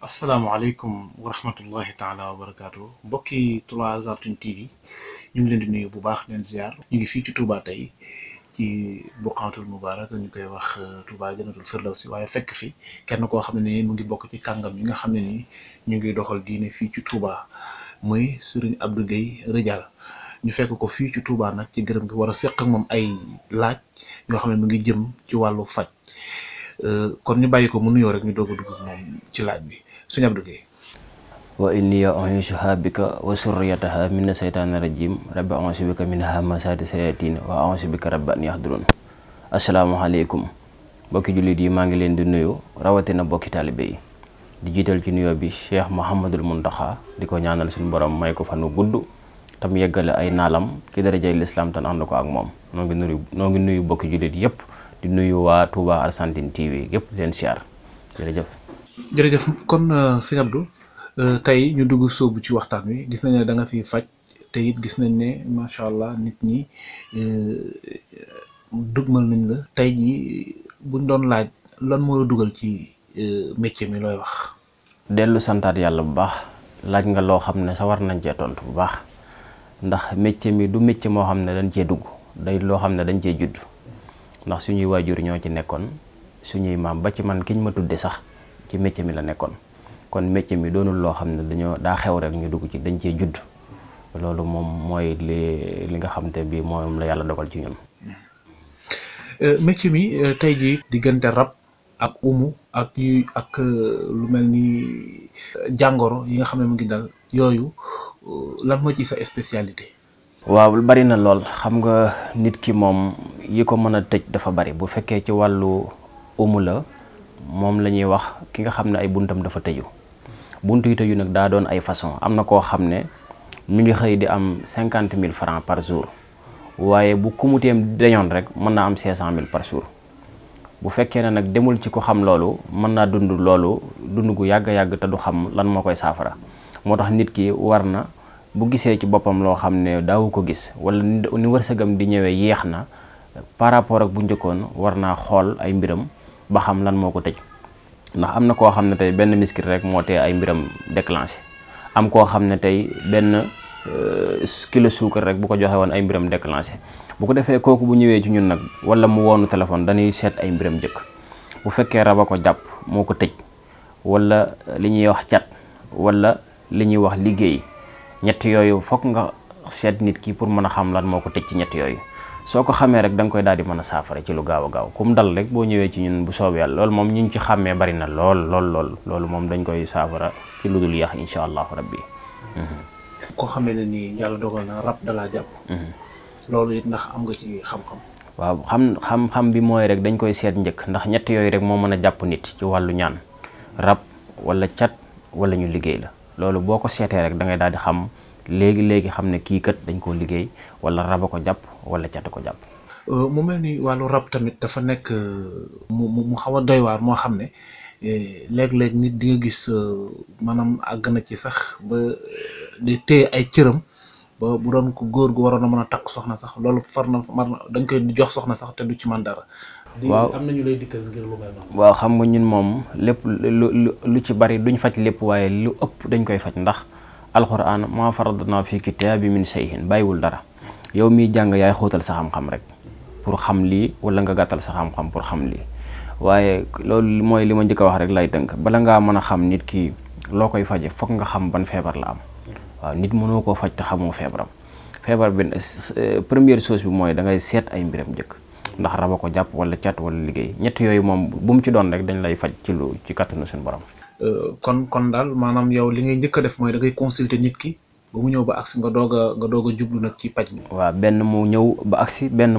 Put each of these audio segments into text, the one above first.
asalaamaaleykum wa rahmatullahi taala wa barakaatu mbokki trois Argentines TV ñu ngi leen di nuyu bu baax leen ziar ñu ngi fii ci Touba tey ci Buqaatul Mubarak ñu koy wax euh, Touba Jannatul Firdawsi waaye fekk fi kenn koo xam ne mu ngi bokk ci kàngam yi nga xam ne nii ñu ngi doxal diine fii ci Touba muy Serigne Abdou Guèye Ridial ñu fekk ko fii ci Touba nag ci gërëm gi war a seq ak moom ay laaj yoo xam ne mu ngi jëm ci wàllu faj euh, kon ni bàyyi ko mu nuyoo rek ñu doog a ci laaj bi. sëñ Abdou Guèye wa inni u'iizuhaa bika wa surriyatahaa mina seytaan rajiim rabbi a'uuzu bika min hamazaati sayaatiin wa a'uuzu bika rabbi an yahduruun asalaamaaleykum mbokki jullit yi maa ngi leen di nuyu rawatina mbokki taalibe yi di jiital ci nuyoo bi Cheikh Mouhamadul Mountakha di ko ñaanal suñu borom may ko fan wu gudd tam yeggale ay naalam ki darajay lislaam tan ànd ko ak moom noo ngi nuyu noo nuyu mbokki jullit yëpp di nuyu waa Touba Argentine TV yëpp leen jërëjëf kon euh, sëñ Abdou euh, tey ñu dugg sóobu ci waxtaan wi gis nañ ne danga fi faj te it gis nañ ne macha allah nit ñi euh, dugmal nañ la tey jii buñ doon laaj lan moo dugal ci métier mi looy wax. dellu santaat yàlla bu baax laaj nga loo xam ne sa war nañ cee tontu bu baax ndax métier mi du métier moo xam ne dañ cee dugg day loo xam ne dañ cee judd ndax suñuy waajur ñoo ci nekkoon suñuy maam ba ci man kiñ ma tudde sax. ci métier mi la nekkoon kon métier mi doonul loo xam ne dañoo daa xew rek ñu dugg ci dañ cee judd loolu moom mooy li li nga xam ne bii moom la yàlla dogal ci ñun. Euh, métier mi euh, tey jii diggante rab ak umu ak euh, lu mel ni jàngoro yi nga xam ne mu ngi dal yooyu lan moo ci sa spécialité. waaw bari na lool xam nga nit ki moom yi ko mën a tëj dafa bari bu fekkee ci wàllu umu la moom la ñuy wax ki nga xam ne ay buntam dafa tëju bunt yu tëju nag daa doon ay façon am na koo xam ne mu ngi xëy di am cinquante mille francs par jour waaye bu kumuteem deñoon rek mën naa am cinq cent mille par jour bu fekkee ne nag demul ci ko xam loolu mën naa dund loolu dund gu yàgg-yàgg te du xam lan moo koy saafara moo tax nit ki war na bu gisee ci boppam loo xam ne daawu ko gis wala ni wërsëgam di ñëwee yéex na par rapport ak bu njëkkoon war naa xool ay mbiram ba xam lan moo ko tëj ndax am na koo xam ne tey benn miskit rek moo tee ay mbiram déclenché am koo xam ne tey benn euh, kilo suukar rek bu ko joxe woon ay mbiram déclenché bu ko defee kooku bu ñëwee ci ñun nag wala mu woonu téléphone dañuy seet ay mbiram jëkk bu fekkee raba ko jàpp moo ko tëj wala li ñuy wax cat wala li ñuy wax liggéey ñetti yooyu foog nga seet nit ki pour mën a xam lan moo ko tëj ci ñetti yooyu soo ko xamee rek da nga koy daal di mën a saafara ci lu gaaw a gaaw kum dal rek boo ñëwee ci ñun bu soob yàlla loolu moom ñu ci xàmmee bari na lool lool lool loolu moom dañ koy saafara ci lu dul yàq incha allahu rabbi mhm. ko xamee ne nii yàlla dogal na rab dalaa jàpp. Mhm. loolu it ndax nga xam-xam. waaw xam xam-xam bi mooy rek dañ koy seet njëkk ndax ñett yooyu rek moo mën a jàpp nit ci wàllu ñaan rab wala cat wala ñu liggéey la loolu boo ko seetee rek da ngay daal di xam léegi léegi xam ne kii kat dañ koo liggéey wala rab a ko jàpp wala cat ko jàpp. Euh, mu mel ni wàllu rab tamit dafa nekk euh, mu mu xaw a doy moo xam ne euh, léeg-léeg nit di nga gis maanaam àgg na ci sax ba di téye ay cëram. ba bu doon ko góor gu waroon a mën a takk soxna sax loolu far na dañ koy jox soxna sax te du ci man dara. waaw am na ñu lay dikkal ngir lu may waaw xam nga ñun moom lépp lu lu ci bari duñ faj lépp waaye lu ëpp dañ koy faj ndax alxuraan maa faradnaa fi kitaabi min shay'in bàyyiwul dara. yow miy jàng yaay xóotal sa xam-xam rek pour xam lii wala nga gàttal sa xam-xam pour xam lii waaye loolu mooy li ma njëkk wax rek lay dënk bala ngaa mën a xam nit ki loo koy faje fook nga xam ban feebar la am waaw nit mënoo koo faj te xamoo feebaram feebar benn eh, première chose bi mooy da ngay seet ay mbiram njëkk ndax raba ko jàpp wala cat wala liggéey ñett yooyu moom bu mu ci doon rek dañ lay faj ci lu ci kattanu suñu borom. Euh, kon kon daal maanaam yow li ngay njëkk a def mooy da ngay ki. ba mu ñëw ba agsi doog a nga doog a jublu nag ci paj benn mu ñëw ba agsi benn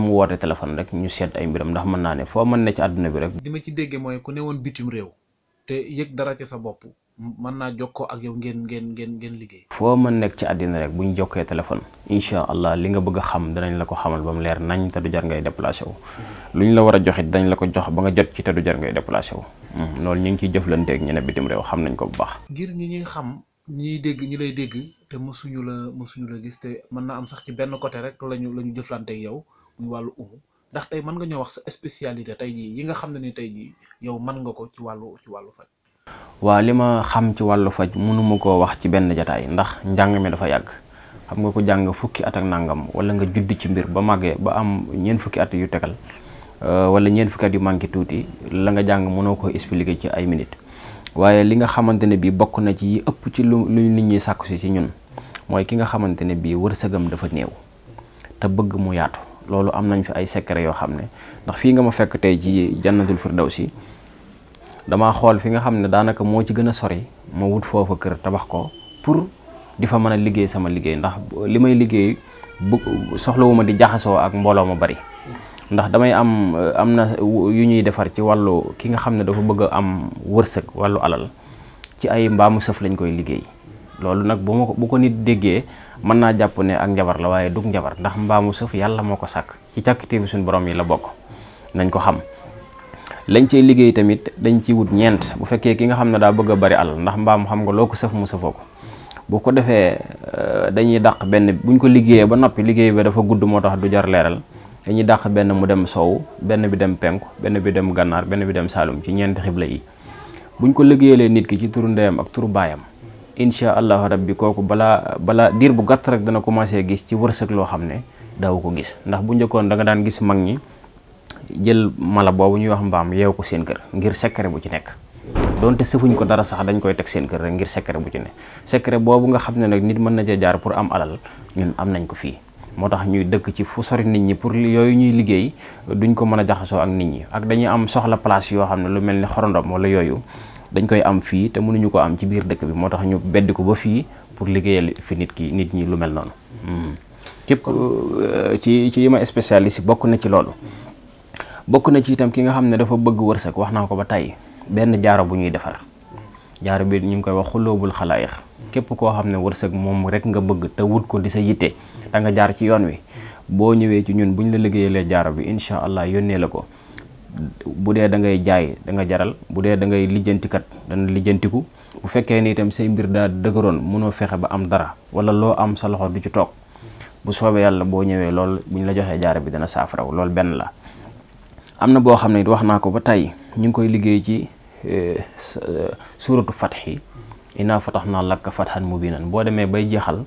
rek ñu seet ay mbiram ndax mën naa ne foo mën ne ci àdduna bi rek li ma ci déggee mooy ku newoon bitim réew te yëg dara ci sa bopp mën naa jox ko ak yow ngeen ngeen ngeen ngeen liggéey foo mën nekk ci àddina rek bu ñu jokkee téléphone incha allah li nga bëgg xam danañ la ko xamal ba mu leer nañ te du jar ngay déplacé wu mm-hmm. lu ñu la war a joxit dañ la ko jox ba nga jot ci te du jar ngay déplacé wu mm-hmm. loolu ñu ngi ciy jëflanteeg ñu ne bitim xam nañ ko bu baax ngir ñii dégg ñi lay dégg te mësuñu la mësuñu la gis te mën na am sax ci benn côté rek lañu la ñu jëflante yow muy wàllu umu ndax tey mën nga ñoo wax sa spécialité tey jii yi nga xam ne ni tey jii yow mën nga ko ci wàllu wàllu faj. waaw li ma xam ci wàllu faj mënuma koo wax ci benn jataay ndax njàng mi dafa yàgg xam nga ko jàng fukki at ak nangam wala nga judd ci mbir ba màggee ba am ñeent fukki at yu tegal euh, wala ñeent fukki at yu manqué tuuti la nga jàng mënoo ko expliquer ci ay minutes. waaye li nga xamante ne bii bokk na ci yi ëpp ci lu lu nit ñi sàkku si ci ñun mooy ki nga xamante ne bii wërsëgam dafa néew te bëgg mu yaatu loolu am nañ fi ay secret yoo xam ne ndax fii nga ma fekk tey ci jannatul firdawsi dama xool fi nga xam ne daanaka moo ci gën a sori ma wut foofa kër tabax ko pour di fa mën a liggéey sama liggéey ndax li may liggéey bu soxlawuma di jaxasoo ak mbooloo ma bari ndax damay am am na yu ñuy defar ci wàllu ki nga xam ne dafa bëgg a am wërsëg wàllu alal ci ay mbaamu sëf lañ koy liggéey loolu nag bu ma ko bu ko nit déggee mën naa jàpp ne ak njabar la waaye dug njabar ndax mbaamu sëf yàlla moo ko sàkk ci càkkitéefu suñu borom yi la bokk nañ ko xam lañ cay liggéey tamit dañ ci wut ñeent bu fekkee ki nga xam ne daa bëgg a bari alal ndax mbaamu xam nga loo ko sëf mu sëfoo ko bu ko defee euh, dañuy daq benn buñ ko liggéeyee ba noppi liggéey dafa gudd moo tax du jar leeral dañuy dàq benn mu dem sow benn bi dem penku benn bi dem gànnaar benn bi dem saalum ci ñeenti xibla yi buñ ko liggéeyalee nit ki ci turu ndeyam ak turu baayam incha allahu rabbi kooku balaa balaa diir bu gàtt rek dana commencé gis ci wërsëg loo xam ne daw ko gis ndax bu njëkkoon da nga daan gis mag ñi jël mala boobu ñuy wax mbaam yeew ko seen kër ngir secret bu ci nekk donte sëfuñ ko dara sax dañ koy teg seen kër rek ngir secret bu ci ne secret boobu nga xam ne nag nit mën na cee jaar pour am alal ñun am nañ ko fii moo tax ñuy dëkk ci fu sori nit ñi pour yooyu ñuy liggéey duñ ko mën a jaxasoo ak nit ñi ak dañuy am soxla place yoo xam ne lu mel ni xorondom wala yooyu dañ koy am fii te mënuñu ko am ci biir dëkk bi moo tax ñu beddi ko ba fii pour liggéeyal fi nit ki nit ñi lu mel noonu. Hmm. képp euh, ci ci yi si bokk na ci loolu. bokk na ci itam ki nga xam ne dafa bëgg wërsëg wax naa ko ba tey benn jaaro bu ñuy defar jaaro bi ñu ngi koy wax xulóobul xalaayax képp koo xam ne wërsëg moom rek nga bëgg te wut ko di sa yitte te nga jaar ci yoon wi boo ñëwee ci ñun bu ñu la liggéeyalee jaara bi incha allah yónnee la ko bu dee da ngay jaay da nga jaral bu dee dangay lijjantikat dana lijjantiku bu fekkee ni itam say mbir daa dëgëroon mënoo fexe ba am dara wala loo am sa loxo du ci toog bu soobee yàlla boo ñëwee lool bu ñu la joxee jaara bi dana saafaraw lool benn la am na boo xam ne wax naa ko ba tey ñu ngi koy liggéey ci eh, eh, suuratu fatx yi innaa fatahnaa laka fathan mubiinan boo demee bay jeexal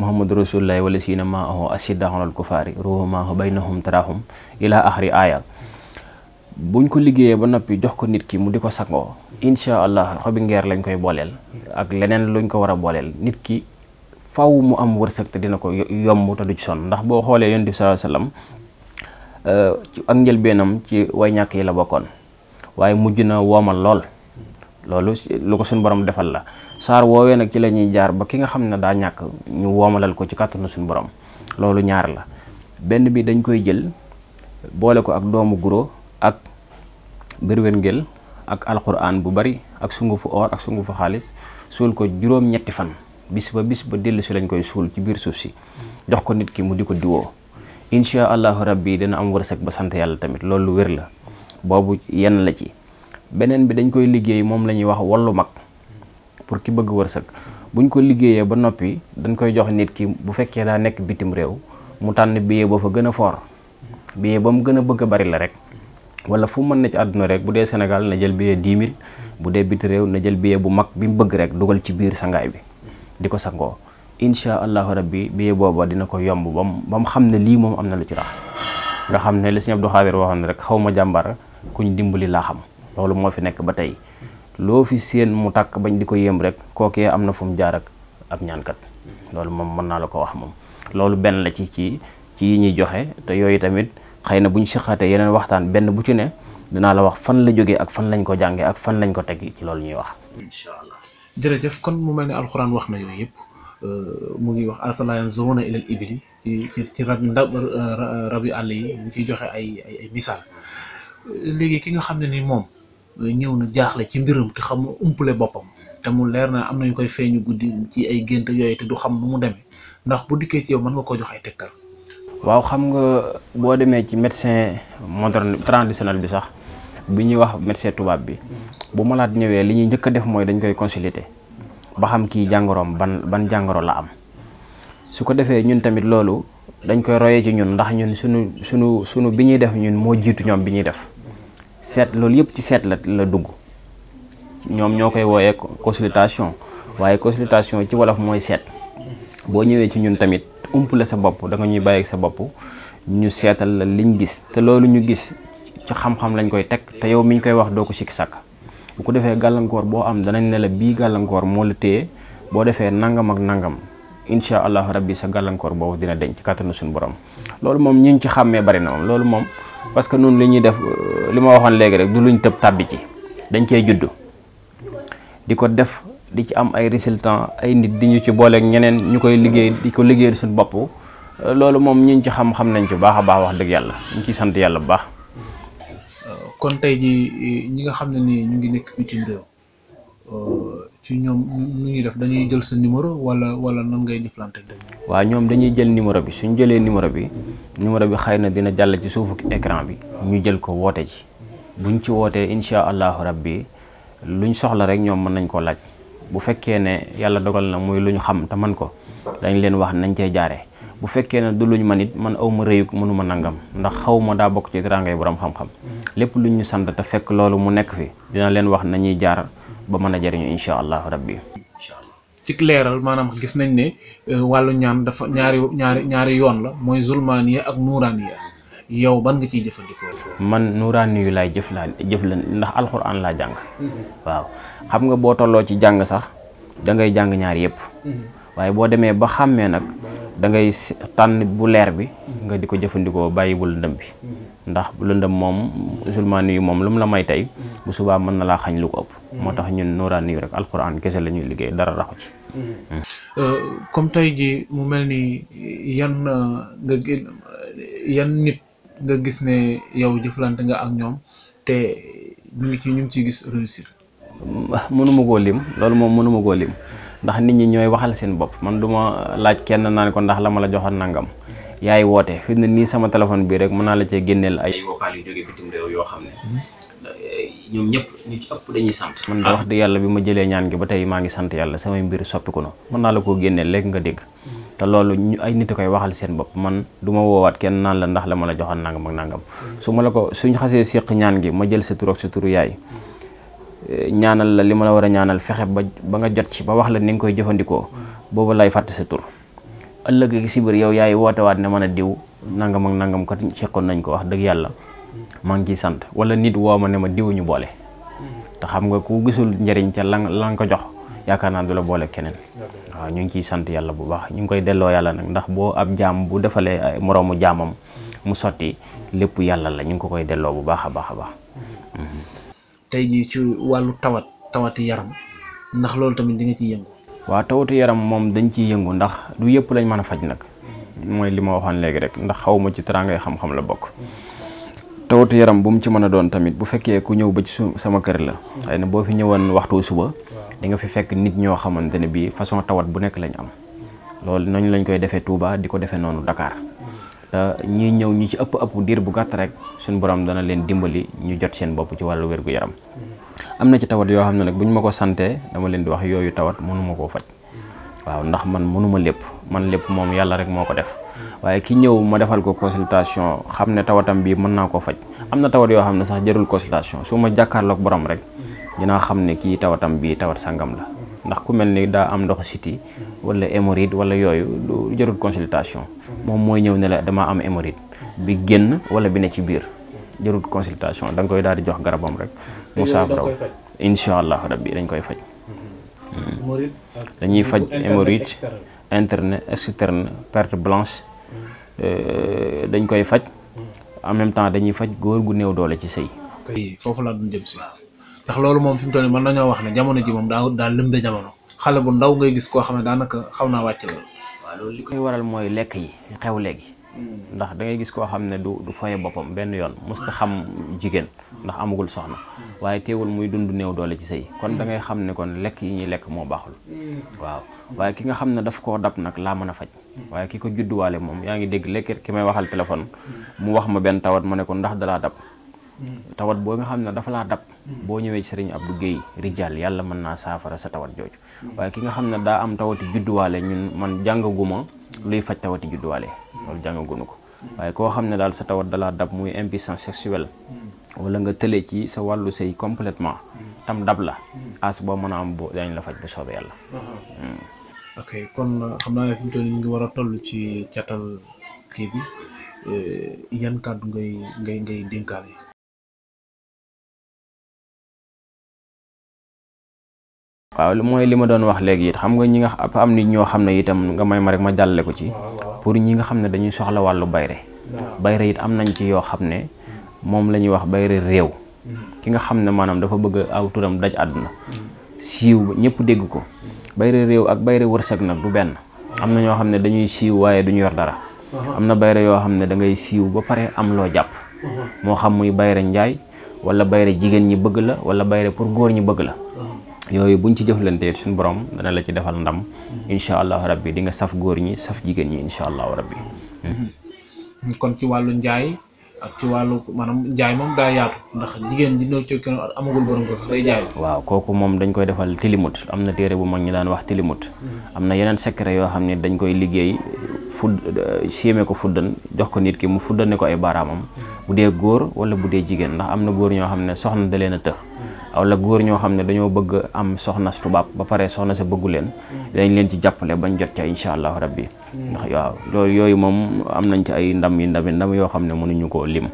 muhammadu rasulullahi wala siina maahu asiddahu alal kufaari ruhumahu baynahum tarahum ila axri aaya buñ ko liggéeyee ba noppi jox ko nit ki mu di ko sangoo incha allah xobi ngeer lañ koy booleel ak leneen luñ ko war a booleel nit ki faw mu am wërsëg te dina ko yomb te du ci sonn ndax boo xoolee yonent bi sallallahu alayhi wasallam euh, ak ci way ñàkk yi la bokkoon waaye mujj na woomal lool loolu lu ko suñu borom defal la saar woowee nag ci la ñuy jaar ba ki nga xam ne daa ñàkk ñu woomalal ko ci kàttanu suñu borom loolu ñaar la benn bi dañ koy jël boole ko ak doomu guro ak bérwéngel ak alxuraan bu bari ak sungufu or ak sungufu xaalis suul ko juróom-ñetti fan bis ba bis ba dellu si lañ koy suul ci biir suuf si jox ko nit ki mu di ko diwoo incha allahu rabbi dina am wërsëg ba sant yàlla tamit loolu wér la boobu yenn la ci beneen bi dañ koy liggéey moom la ñuy wax wallu mag pour ki bëgg wërsëg buñ ko liggéeyee ba noppi dañ koy jox nit ki bu fekkee daa nekk bitim réew mu tànn billet ba fa gën a fort billet ba mu gën a bëgg a bari la rek wala fu mën na ci àdduna rek bu dee Sénégal na jël billet 10 000 bu dee biti réew na jël billet bu mag bi mu bëgg rek dugal ci biir sangaay bi di ko sangoo incha allahu rabbi billet booba dina ko yomb ba mu xam ne lii moom am na lu ci rax nga xam ne li Sëñ Abdou Xaadir ne rek xaw ma jàmbar ku ñu dimbali laa xam. loolu moo fi nekk ba tey loo fi séen mu tàkk bañ di ko yéem rek kookee am na fu mu jaar ak ab ñaankat loolu moom mën naa la ko wax moom loolu benn la ci ci ci yi ñuy joxe te yooyu tamit xëy na bu ñu sixaatee yeneen waxtaan benn bu ci ne dinaa la wax fan la jógee ak fan lañ ko jàngee ak fan lañ ko teg ci loolu ñuy wax. incha allah jërëjëf kon mu mel ne alxuraan wax na yooyu yëpp euh, mu ngi wax afalaa yanzuruuna ilal ibili ci ci ci rab ndab rab yu àll yi mu ci joxe ay ay euh, léegi ki nga xam ne moom. ñëw na jaaxle ci mbiram te xam umpule boppam te mu leer na am nañu koy feeñu guddi ci ay gént yooyu te du xam nu mu demee ndax bu dikkee ci yow mën nga ko jox ay tegtal. waaw xam nga boo demee ci médecin moderne traditionnel bi sax bi ñuy wax médecin tubaab bi bu malaat ñëwee li ñuy njëkk a def mooy dañ koy consulter ba xam kii jàngoroom ban ban jàngoro la am su ko defee ñun tamit loolu dañ koy royee ci ñun ndax ñun sunu sunu sunu bi ñuy def ñun moo jiitu ñoom bi ñuy def. seet loolu yëpp ci seet la la dugg ñoom ñoo koy wooyee consultation waaye consultation ci wolof mooy seet boo ñëwee ci ñun tamit ump la sa bopp da nga ñuy bàyyi sa bopp ñu seetal la liñ gis te loolu ñu gis ci xam-xam lañ koy teg te yow mi ñu koy wax doo ko sikk sàkk bu ko defee gàllankoor boo am danañ ne la bii gàllankoor moo la téye boo defee nangam ak nangam incha allahu rabbi sa gàllankoor boobu dina deñ ci kàttanu suñu borom loolu moom ñi ñu bari na loolu moom. parce que nun li ñuy def euh, li ma waxoon léegi rek du luñ tëb tàbbi ci dañ cee juddu di ko def di ci am ay résultats ay nit di ñu ci booleek ñeneen ñu koy liggéey di ko liggéeyal suñu bopp euh, loolu moom ñi ci xam xam nañ ci baax a baax wax dëgg yàlla ñu ciy sant yàlla bu baax. Euh, kon tey ji ñi nga xam ne ni ñu ngi nekk bitim réew. ci ñoom nu ñuy def dañuy jël sa numéro wala wala nan ngay jëflante ak waaw ñoom dañuy jël numéro bi suñ jëlee numéro bi numéro bi xay na dina jàll ci suufu écran bi ñu jël ko woote ci bu ñu ci wootee incha allahu rabbi luñ soxla rek ñoom mën nañ koo laaj bu fekkee ne yàlla dogal na muy lu ñu xam te man ko dañ leen wax nañ cee jaaree bu fekkee ne du luñ ma nit man aw ma rëyuk mënuma nangam ndax xaw ma daa bokk ci teraangay borom xam-xam lépp luñ ñu sant te fekk loolu mu nekk fi dina leen wax nañuy jaar ba mën a jëriñu incha allahu rabbi. ci leeral maanaam gis nañ ne euh, wàllu ñaan dafa ñaari ñaari ñaari yoon la mooy zulmaaniya ak nuuraaniya yow ban nga ciy jëfandikoo. man nuuraani yu laay jëf laa jëf la ndax alxuraan laa jàng. Mm-hmm. waaw xam nga boo tolloo ci jàng sax dangay jàng ñaar yëpp. Mm-hmm. waaye boo demee ba xàmmee nag. da ngay tànn bu leer bi nga di ko jëfandikoo bàyyi bu lëndëm bi mm-hmm. ndax bu lëndëm moom musulmaan yu moom lu mu la may tey mm-hmm. bu subaa mën na laa xañ lu ko ëpp mm-hmm. moo tax ñun nooraan yu rek alxuraan kese la ñuy liggéey dara raxu ci mm. euh, comme tey ji mu mel ni yan euh, nga nit nga gis ne yow jëflante nga ak ñoom te ñu ci ñu ngi ciy gis réussir mënuma koo lim loolu moom mënuma koo lim ndax nit ñi ñooy waxal seen bopp man duma laaj kenn naan ko ndax la ma la joxoon nangam yaay woote fi mu nii sama téléphone bii rek mën naa la cee génneel ay yoo xam ne ñoom ñëpp ñu man da wax dëgg yàlla bi ma jëlee ñaan gi ba tey maa ngi sant yàlla samay mbir soppiku na mën naa la koo génneel nga dégg te loolu ñu nit koy waxal seen bopp man du ma woowaat kenn naan la ndax la ma la joxoon nangam ak nangam su ma la ko suñ xasee séq ñaan gi ma jël sa tur sa turu yaay ñaanal la li ma la war a ñaanal fexe ba ba nga jot ci ba wax la ni nga koy jëfandikoo boobu lay fàtte sa tur ëllëg gi si biir yow yaay wootewaat ne mën a diw nangam ak nangam kat seqoon nañ ko wax dëgg yàlla maa ngi ciy sant wala nit woo ma ma diw ñu boole mm-hmm. te xam nga ku gisul njëriñ ca la la nga ko jox mm-hmm. yaakaar naa du la boole keneen waaw ñu ngi ciy sant yàlla bu baax ñu ngi koy delloo yàlla nag ndax boo ab jaam bu defalee moroomu jaamam mm-hmm. mu sotti lépp yàlla la ñu ngi ko koy delloo bu baax a baax a baax tey jii ci wàllu tawat tawati yaram ndax loolu tamit di nga yëngu. waaw tawatu yaram moom dañ ciy yëngu ndax du yëpp lañ mën a faj nag mooy li ma waxoon léegi rek ndax xaw ma ci teraangay xam-xam la bokk. tawatu yaram bu mu ci mën a doon tamit bu fekkee ku ñëw ba ci su sama kër la. xëy ne boo fi ñëwoon waxtu suba. di nga fi fekk nit ñoo xamante ne bii façon tawat bu nekk lañu am. loolu nañ lañ koy defee tuubaa di ko defee noonu ndakaar te euh, ñiy ñëw ñu ci ëpp ëpp diir bu gàtt rek suñu borom dana leen dimbali ñu jot seen bopp ci wàllu wér-gu-yaram mm-hmm. am na ci tawat yoo xam ne na bu ñu ma ko santee dama leen di wax yooyu tawat mënu ma koo faj mm-hmm. waaw ndax man mënuma lépp man lépp moom yàlla rek moo ko def mm-hmm. waaye ki ñëw ma defal ko consultation xam ne tawatam bii mën naa koo faj am na tawat yoo xam ne sax jërul consultation su ma jàkkaarloog borom rek dinaa xam ne kii tawatam bii tawat sangam la ndax ku mel ni daa am ndox siti wala hémorroïde wala yooyu du jarul consultation moom mooy ñëw ne la damaa am hémorroïde bi génn wala bi ne ci biir jarul consultation da koy daal di jox garabam rek mu saafaraw incha allah rabbi dañ koy faj mm-hmm. dañuy faj hémorroïde interne externe perte blanche mm-hmm. euh, dañ koy faj mm-hmm. en même temps dañuy faj góor gu néew doole ci sëy foofu laa doon jëm si ndax loolu moom fi mu toll nii mën nañoo wax ne jamono ji moom daa daa lëmbe jamono xale bu ndaw ngay gis koo xam ne daanaka xaw naa wàcc la li koy waral mooy lekk yi xew léegi. Mm. ndax da ngay gis koo xam ne du du foye boppam benn yoon musta xam jigéen ndax amagul soxna mm. waaye teewul muy dund néew doole ci sëy kon dangay mm. xam ne kon lekk yi ñuy lekk moo baaxul waaw waaye ki nga xam ne daf koo dab nag laa mën a faj waaye ki ko judduwaale moom yaa ngi dégg lekk ki may waxal téléphone mu wax ma benn tawat ma ne ko ndax dalaa dab tawat boo nga xam ne dafa laa dab mm. boo ñëwee ci sëriñ Abdou Guèye Rijal yàlla mën naa saafara sa tawat jooju waaye ki nga xam ne daa am tawati judduwaale ñun man jàngaguma luy faj tawati judduwaale loolu jàngagunu ko waaye koo xam ne daal sa tawat dalaa dab muy impuissance sexuelle mm. wala nga tëlee ci sa wàllu say completement mm. tam dab la as boo mën a am boo dañ la faj bu soobee yàlla uh-huh. kon uh, xam naa ne fi mu toll ñu war a toll ci Caatal TV eh, yan kàddu ngay ngay waaw mooy li ma doon wax léegi it xam nga ñi nga am nit ñoo xam ne itam nga may ma rek ma jàllale ko ci pour ñi nga xam ne dañuy soxla wàllu bayre bayre it am nañ ci yoo xam ne moom la ñuy wax bayre réew mm. ki nga xam ne maanaam dafa bëgg aw turam àdduna mm. siiw ñëpp dégg ko mm. bayre réew ak bayre wërsëg nag du benn am na ñoo xam ne dañuy siiw waaye duñu yor dara uh-huh. am na bayre yoo xam ne da ngay siiw ba pare am loo jàpp uh-huh. moo xam muy bayre njaay wala bayre jigéen ñi bëgg la wala bayre pour góor ñi bëgg la yooyu buñ ci jëflantee suñu borom dana la ci defal ndam mm-hmm. incha allahu rabbi di nga saf góor ñi saf jigéen ñi incha allah rabbi mm-hmm. kon ci wàllu njaay ci wàllu maanaam njaay moom daa yaatu ndax jigéen ji ci kenn waaw kooku moom dañ koy defal tilimut am na téere bu mag ñi daan wax tilimut mm-hmm. am na yeneen secret yoo xam ne dañ koy liggéey fudd euh, siime ko fuddan jox ko nit ki mu fuddane ko ay baaraamam bu dee góor wala bu dee jigéen ndax am na góor ñoo xam ne soxna da leen a të wala góor ñoo xam ne dañoo bëgg am soxna su tubaab ba pare soxna sa bëggu leen dañ leen ci jàppale bañ jot ca incha allah rabbi hmm. ndax waaw loolu yooyu moom am nañ ci ay ndam yi ndami ndam yoo xam ne mënuñu koo lim hmm.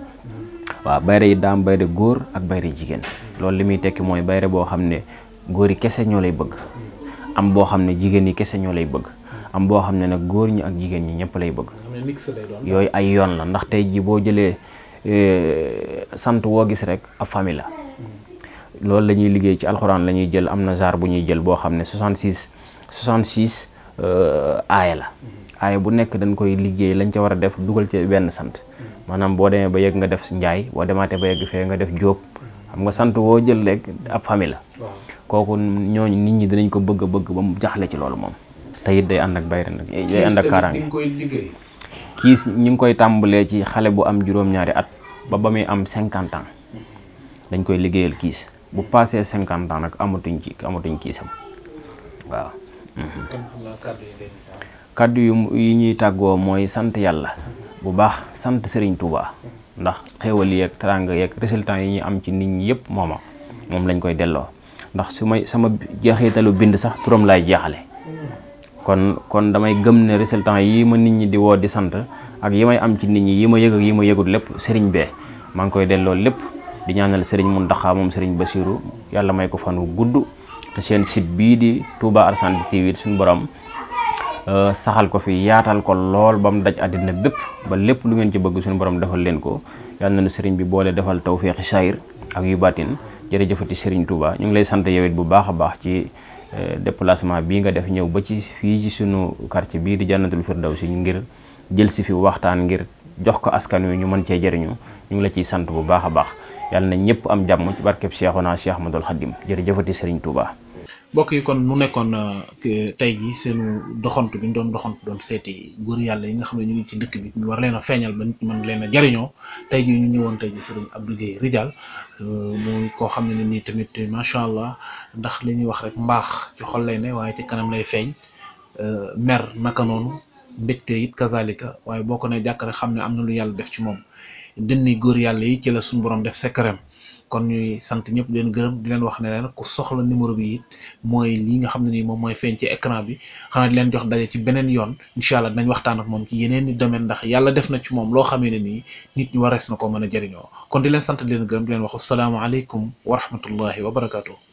waaw bayre yi daam bayre góor ak bayre jigéen loolu li muy tekki mooy bayre boo xam ne góor yi kese ñoo lay bëgg hmm. am boo xam ne jigéen yi kese ñoo lay bëgg am boo xam ne nag góor ñi ak jigéen ñi ñëpp lay bëgg yooyu ay yoon la ndax tey ji boo jëlee eh, sant woo gis rek ab famille la loolu la liggéey ci alxuraan la ñuy jël am na saar bu ñuy jël boo xam ne 66 66 euh, aaya la aaya bu nekk dañ koy liggéey lañ ca war a def dugal ci benn sant maanaam boo demee ba yegg nga def njaay boo demaatee ba yegg fee nga def jóob xam nga sant woo jël rek ab fami la kooku ñooñu nit ñi dinañ ko bëgg a bëgg ba mu jaxle ci loolu moom te it day ànd ak bayre nag day ànd ak kaaraange kiis ñu ngi koy tàmbalee ci xale bu am juróom-ñaari at ba ba muy am cinquante ans dañ koy liggéeyal kiis bu passé cinquante ans nag amatuñ ci amatuñ kiisam waaw. kàddu yu yi ñuy tàggoo mooy sant yàlla bu baax sant sëriñ Touba ndax xéewal yeeg teraanga yeeg résultat yi ñuy am ci nit ñi yëpp mooma moom lañ koy delloo ndax su may sama jeexitalu bind sax trom laay jeexale kon kon damay gëm ne résultat yi ma nit ñi di woo di sant ak yi may am ci nit ñi yi ma yëg ak yi ma yëgul lépp Serigne bee maa ngi koy delloo lépp. di ñaanal sëriñ Muntaxa moom sëriñ basiiru yàlla may ko fan wu gudd te seen site bii di Touba Argentine TV it suñ borom euh, saxal ko fi yaatal ko lool ba mu daj àddina bépp ba lépp lu ngeen ci bëgg suñu borom defal leen ko yàlla na nu sëriñ bi boole defal tawféexi saayir ak yu baatin jërëjëfati sëriñ Touba ñu ngi lay sant yow bu baax a baax ci euh, déplacement bii nga def ñëw ba ci fii ci sunu quartier bii di Jannatul Firdawsi ngir jël si fi waxtaan ngir. jox ko askan wi ñu mën cee jëriñu ñu ngi la ciy sant bu baax a baax yàlla na ñëpp am jàmm ci barkeb Cheikhuna Cheikh Ahmadul Khadim jërëjëfati Serigne Touba. mbokk yi kon mu nekkoon euh, tey jii seenu doxantu bi ñu doon doxantu doon seeti góor yàlla yi nga xam ne ñu ngi ci ndëkk bi ñu war leen a feeñal ba nit mën leen a jariñoo tey jii ñu ñëwoon tey jii ab Abdou Guèye Ridial euh, muy koo xam ne nii tamit macha allah ndax li ñuy wax rek mbaax ci xol lay ne waaye ci kanam lay feeñ euh, mer naka noonu. mbégte it kazalika waaye boo ko ne jàkk xam ne am na lu yàlla def ci moom dënni góor yàlla yi ci la suñu borom def sekkareem kon ñuy sant ñëpp di leen gërëm di leen wax ne leen ku soxla numéro bi it mooy li nga xam ne nii moom mooy feeñ ci écran bi xanaa di leen jox daje ci beneen yoon incha allah dinañ waxtaan ak moom ci yeneen i domaine ndax yàlla def na ci moom loo xamee ne nii nit ñi warees na ko mën a jariñoo kon di leen sant di leen gërëm di leen wax asalaamaaleykum wa rahmatullahi wa barakatuh